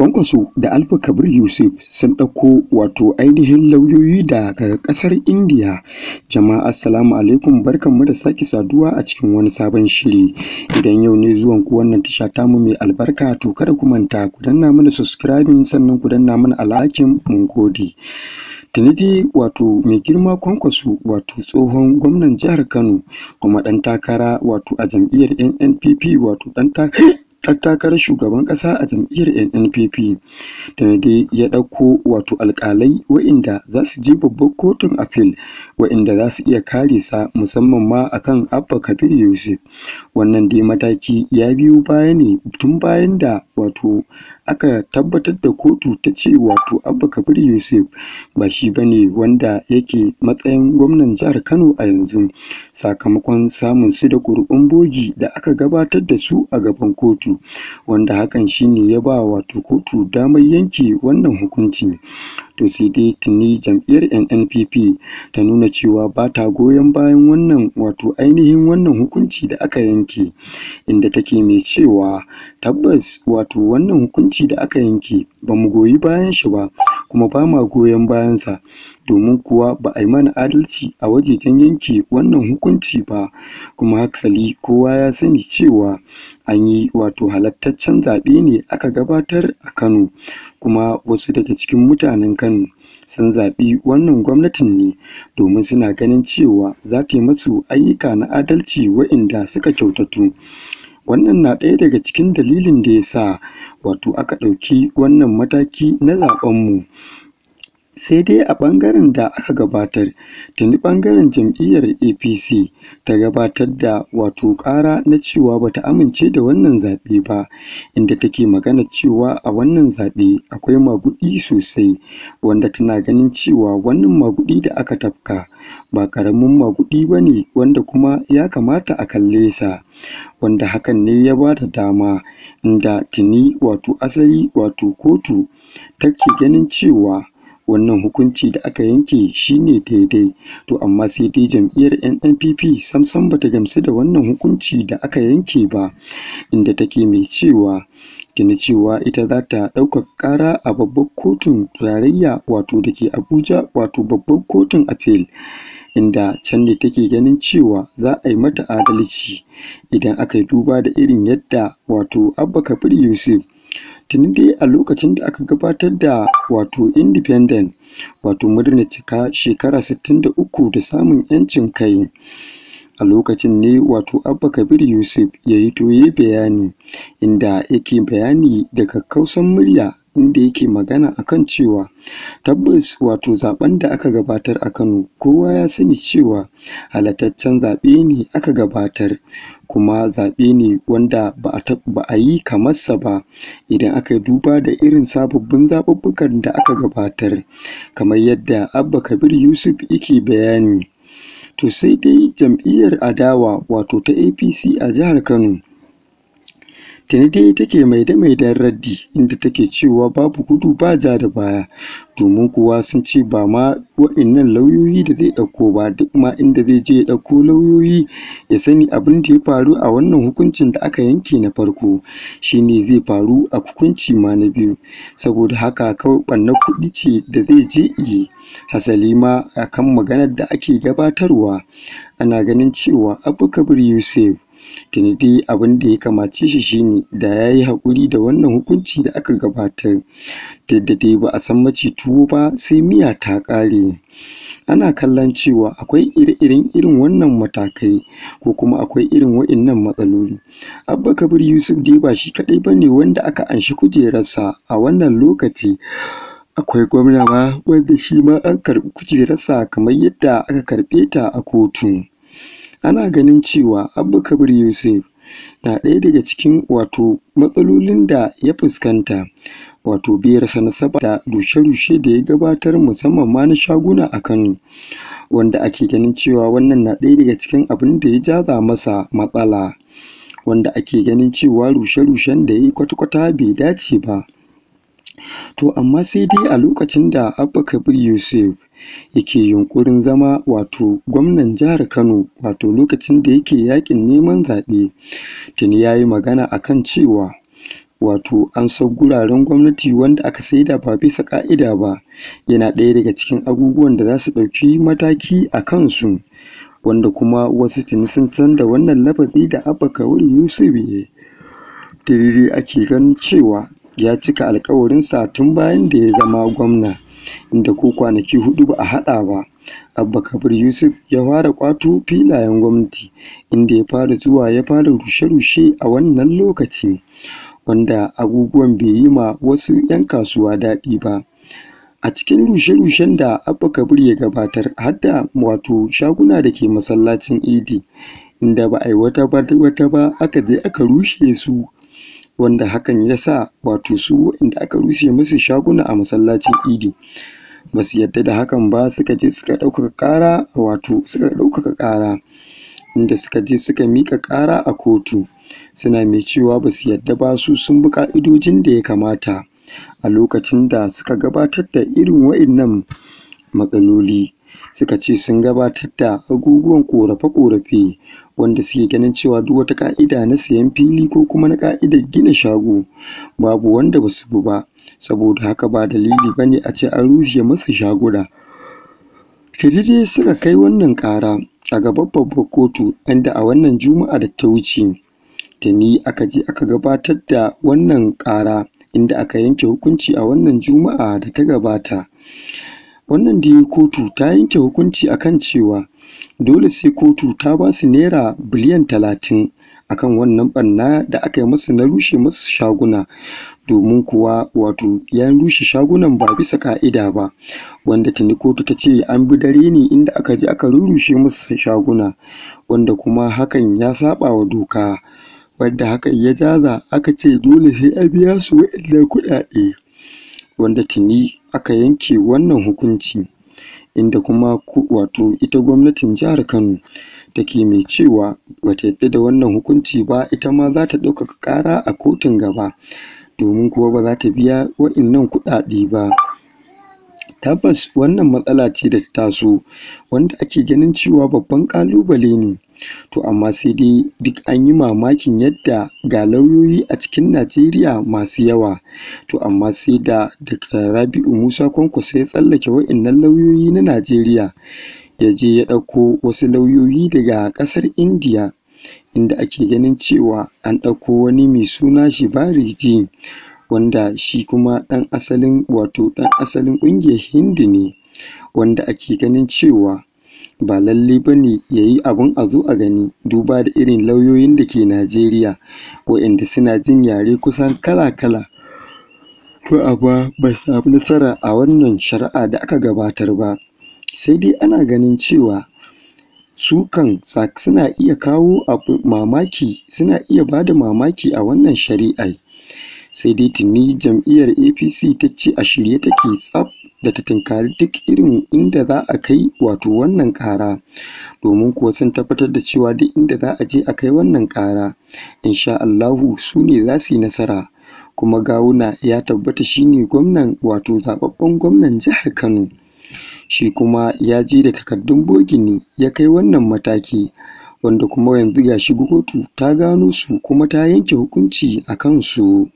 Kwankwaso da Alfa Kabir Yusuf sun ɗauko wato ainihin lauyoyi daga ƙasar Indiya. Jama'a assalamu alaikum mu da sake saduwa a cikin wani sabon shiri. Idan yau ne zuwan ku wannan tasha mu mai albarka to kada ku manta ku danna mana subscribing sannan ku danna mana alhakin mun gode. Tunidi wato mai girma kwankwaso wato tsohon gwamnan jihar Kano kuma ɗan takara wato a jam'iyyar NNPP wato ɗan takara ɗan takarar shugaban ƙasa a jam'iyyar NNPP da dai ya ɗauko wato alƙalai wa'inda za su je babban kotun appeal wa'inda za su iya kare sa musamman ma akan Abba Kabir Yusuf wannan dai mataki ya biyo baya ne tun bayan da wato aka tabbatar da kotu ta ce wato Abba Kabir Yusuf ba shi bane wanda yake matsayin gwamnan jihar Kano a yanzu sakamakon samun su da ƙuri'un bogi da aka gabatar da su a gaban kotu kotu wanda hakan shine ya ba wato kotu damar yanke wannan hukunci to sai dai tuni jam'iyyar NNPP ta nuna cewa ba ta goyon bayan wannan wato ainihin wannan hukunci da aka yanke inda take mai cewa tabbas wato wannan hukunci da aka yanke ba mu goyi bayan shi ba kuma ba ma goyon bayansa domin kuwa ba a yi mana adalci a wajejen yanke wannan hukunci ba kuma haksali kowa ya sani cewa an yi wato halattaccen zaɓe ne aka gabatar a Kano kuma wasu daga cikin mutanen Kano sun zaɓi wannan gwamnatin ne domin suna ganin cewa za ta yi masu ayyuka na adalci waɗanda suka kyautatu. Wannan na ɗaya daga cikin dalilin da ya sa wato aka ɗauki wannan mataki na zaɓenmu. sai dai a ɓangaren da aka gabatar tuni ɓangaren jam'iyyar apc ta gabatar da wato ƙara na cewa bata amince da wannan zaɓe ba inda take magana cewa a wannan zaɓe akwai maguɗi sosai wanda tana ganin cewa wannan maguɗi da aka tafka ba ƙaramin maguɗi ba ne wanda kuma ya kamata a kalle sa wanda hakan ne ya ba da dama inda tuni wato asali wato kotu take ganin cewa wannan hukunci da aka yanke shine daidai to amma sai dai jam'iyyar nnpp samsam bata gamsu da wannan hukunci da aka yanke ba inda take mai cewa tuni cewa ita za ta ɗaukaka ƙara a babbar kotun turarayya wato da ke abuja wato babbar kotun appeal inda can ne take ganin cewa za a yi mata adalci idan aka yi duba da irin yadda wato abba kabir yusuf tuni dai a lokacin da aka gabatar da wato independent wato murnar cika shekara 63 da samun 'yancin kai a lokacin ne wato abba kabir yusuf ya yi toye bayani inda yake bayani daga kausan murya inda yake magana akan cewa Tabbas wato zaɓen da aka gabatar a Kano kowa ya sani cewa halattaccen zaɓe ne aka gabatar, kuma zaɓe ne wanda ba a yi kamarsa ba idan aka yi duba da irin sababbin zaɓuɓɓukan da aka gabatar, kamar yadda Abba Kabir Yusuf yake bayani. To sai dai jam'iyyar adawa wato ta APC a jihar Kano tuni dai take mai da mai dan raddi inda take cewa babu gudu ba ja da baya domin kuwa sun ce ba ma wa'innan lauyoyi da zai ɗauko ba duk ma inda zai je ya ɗauko lauyoyi ya sani abin da ya faru a wannan hukuncin da aka yanke na farko shine zai faru a hukunci ma na biyu saboda haka kawai na kuɗi ce da zai je yi hasali ma akan maganar da ake gabatarwa ana ganin cewa abu kabir yusuf tuni dai abin da ya kamace shi shine da ya yi haƙuri da wannan hukunci da aka gabatar da dai ba a san maci tuwo ba sai miya ta ƙare ana kallon cewa akwai ire-iren irin wannan matakai ko kuma akwai irin wa'innan matsaloli abba kabir yusuf dai ba shi kaɗai ba ne wanda aka anshi kujerarsa a wannan lokaci akwai gwamna ma wanda shi ma an karɓi kujerarsa kamar yadda aka karɓe ta a kotu ana ganin cewa Abubakar Kabir Yusuf na ɗaya daga cikin wato matsalolin da ya fuskanta wato biyarsa na saba da rushe-rushe da ya gabatar musamman ma na shaguna a Kano wanda ake ganin cewa wannan na ɗaya daga cikin abin da ya jaza masa matsala wanda ake ganin cewa rushe-rushen da ya yi kwata-kwata bai dace ba. To amma sai dai a lokacin da Abba Kabir Yusuf yake yunƙurin zama wato gwamnan jihar Kano wato lokacin da yake yakin neman zaɓe, tuni ya yi magana akan cewa wato an san guraren gwamnati wanda aka saida ba bisa ƙa'ida ba yana ɗaya daga cikin abubuwan da za su ɗauki mataki a kansu wanda kuma wasu tuni sun san da wannan lafazi da Abba Kabir Yusuf ya yi. ake ganin cewa ya cika alkawarinsa tun bayan da ya zama gwamna inda ko kwanaki hudu ba a hada ba abba kabir yusuf ya fara kwato filayen gwamnati inda ya fara zuwa ya fara rushe-rushe a wannan lokaci wanda abubuwan bai yi ma wasu 'yan kasuwa daɗi ba a cikin rushe-rushen da abba kabir ya gabatar har da wato shaguna da ke masallacin idi inda ba a yi wata ba aka je aka rushe su wanda hakan ya sa wato su inda aka rushe musu shaguna a masallacin idi basu su yadda da hakan ba suka je suka ɗaukaka ƙara wato suka ɗaukaka ƙara inda suka je suka miƙa ƙara a kotu suna mai cewa basu su yadda ba su sun bi ƙa'idojin da ya kamata a lokacin da suka gabatar da irin waɗannan matsaloli suka ce sun gabatar da agogon ƙorafe korafe wanda suke ganin cewa duk wata ƙa'ida na sayan fili ko kuma na ƙa'idar gina shago babu wanda ba su bi ba saboda haka ba dalili ba ne a ce an rushe masa shaguna. Tijiji suka kai wannan ƙara a gabar babbar kotu inda a wannan juma'a da ta wuce tuni aka je aka gabatar da wannan ƙara inda aka yanke hukunci a wannan juma'a da ta gabata wannan dai kotu ta yanke hukunci akan cewa dole sai kotu ta ba su naira biliyan talatin akan wannan banna da aka yi masa na rushe masu shaguna domin kuwa wato ya rushe shagunan ba bisa ka'ida ba wanda tuni kotu ta ce an bi dare ne inda aka ji aka rushe masu shaguna wanda kuma hakan ya saba wa doka wanda hakan ya jaza aka ce dole sai a biya su waɗannan kuɗaɗe wanda tuni aka yanke wannan hukunci inda kuma wato ita gwamnatin jihar Kano take mai cewa bata yadda da wannan hukunci ba ita ma za ta ɗaukaka ƙara a kotun gaba domin kuwa ba za ta biya wa'innan kuɗaɗe ba. Tabbas wannan matsala ce da ta taso wanda ake ganin cewa babban ƙalubale ne To amma sai dai duk an yi mamakin yadda ga lauyoyi a cikin Najeriya masu yawa, to amma sai da Dr. Rabi'u Musa Kwankwaso ya tsallake waɗannan lauyoyi na Najeriya ya je ya ɗauko wasu lauyoyi daga ƙasar Indiya, inda ake ganin cewa an ɗauko wani mai suna shi Jee. wanda shi kuma ɗan asalin wato ɗan asalin ƙungiyar Hindi ne wanda ake ganin cewa ba lallai ba ne ya yi abin a zo a gani duba da irin lauyoyin da ke Najeriya waɗanda suna jin yare kusan kala-kala. To abuwa ba su samu nasara a wannan shari'a da aka gabatar ba. Sai dai ana ganin cewa su kan suna iya kawo abu mamaki suna iya ba da mamaki a wannan shari'ai, Sai dai tuni jam'iyyar APC ta ce a shirye take tsaf da ta tinkari duk irin inda za a kai wato wannan ƙara domin kuwa sun tabbatar da cewa duk inda za a je a kai wannan ƙara insha Allahu su ne za su yi nasara kuma gawuna ya tabbata shi ne gwamnan wato zaɓaɓɓen gwamnan jihar Kano shi kuma ya je da takardun bogini ya kai wannan mataki wanda kuma yanzu ya shigo kotu ta gano su kuma ta yanke hukunci a su.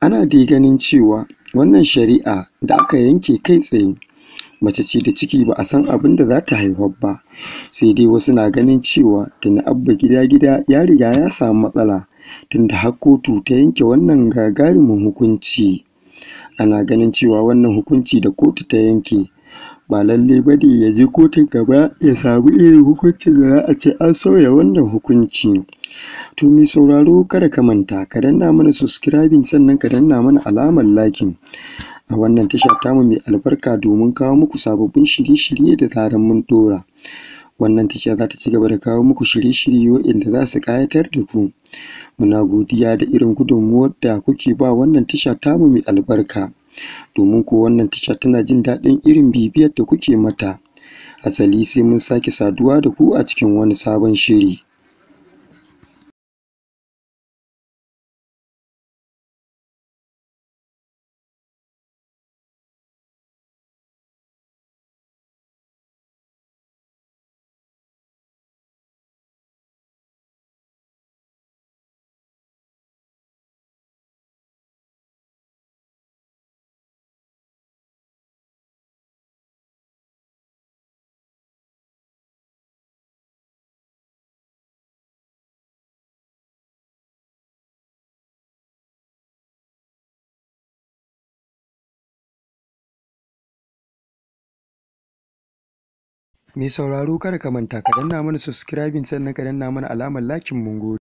ana dai ganin cewa wannan shari'a da aka yanke kai tsaye mace ce da ciki ba a san abin da za ta haifar ba sai dai wasu na ganin cewa tuni abba gida gida ya riga ya samu matsala tunda har kotu ta yanke wannan gagarumin hukunci ana ganin cewa wannan hukunci da kotu ta yanke ba lalle ba ne ya je kotun gaba ya samu irin hukuncin da za a ce an sauya wannan hukunci To mai sauraro kada ka manta ka danna mana subscribing sannan ka danna mana alamar liking a wannan tasha tamu mai albarka domin kawo muku sababbin shirye-shirye da zaran mun dora. Wannan tasha za ta ci gaba da kawo muku shirye-shirye waɗanda za su ƙayatar da ku. Muna godiya da irin gudunmuwar da kuke ba wannan tasha tamu mai albarka. Domin ko wannan tasha tana jin daɗin irin bibiyar da kuke mata. Asali sai mun sake saduwa da ku a cikin wani sabon shiri. Mai sauraro kada ka manta ka danna mana subscribing sannan ka danna mana alamar lakin mun gode.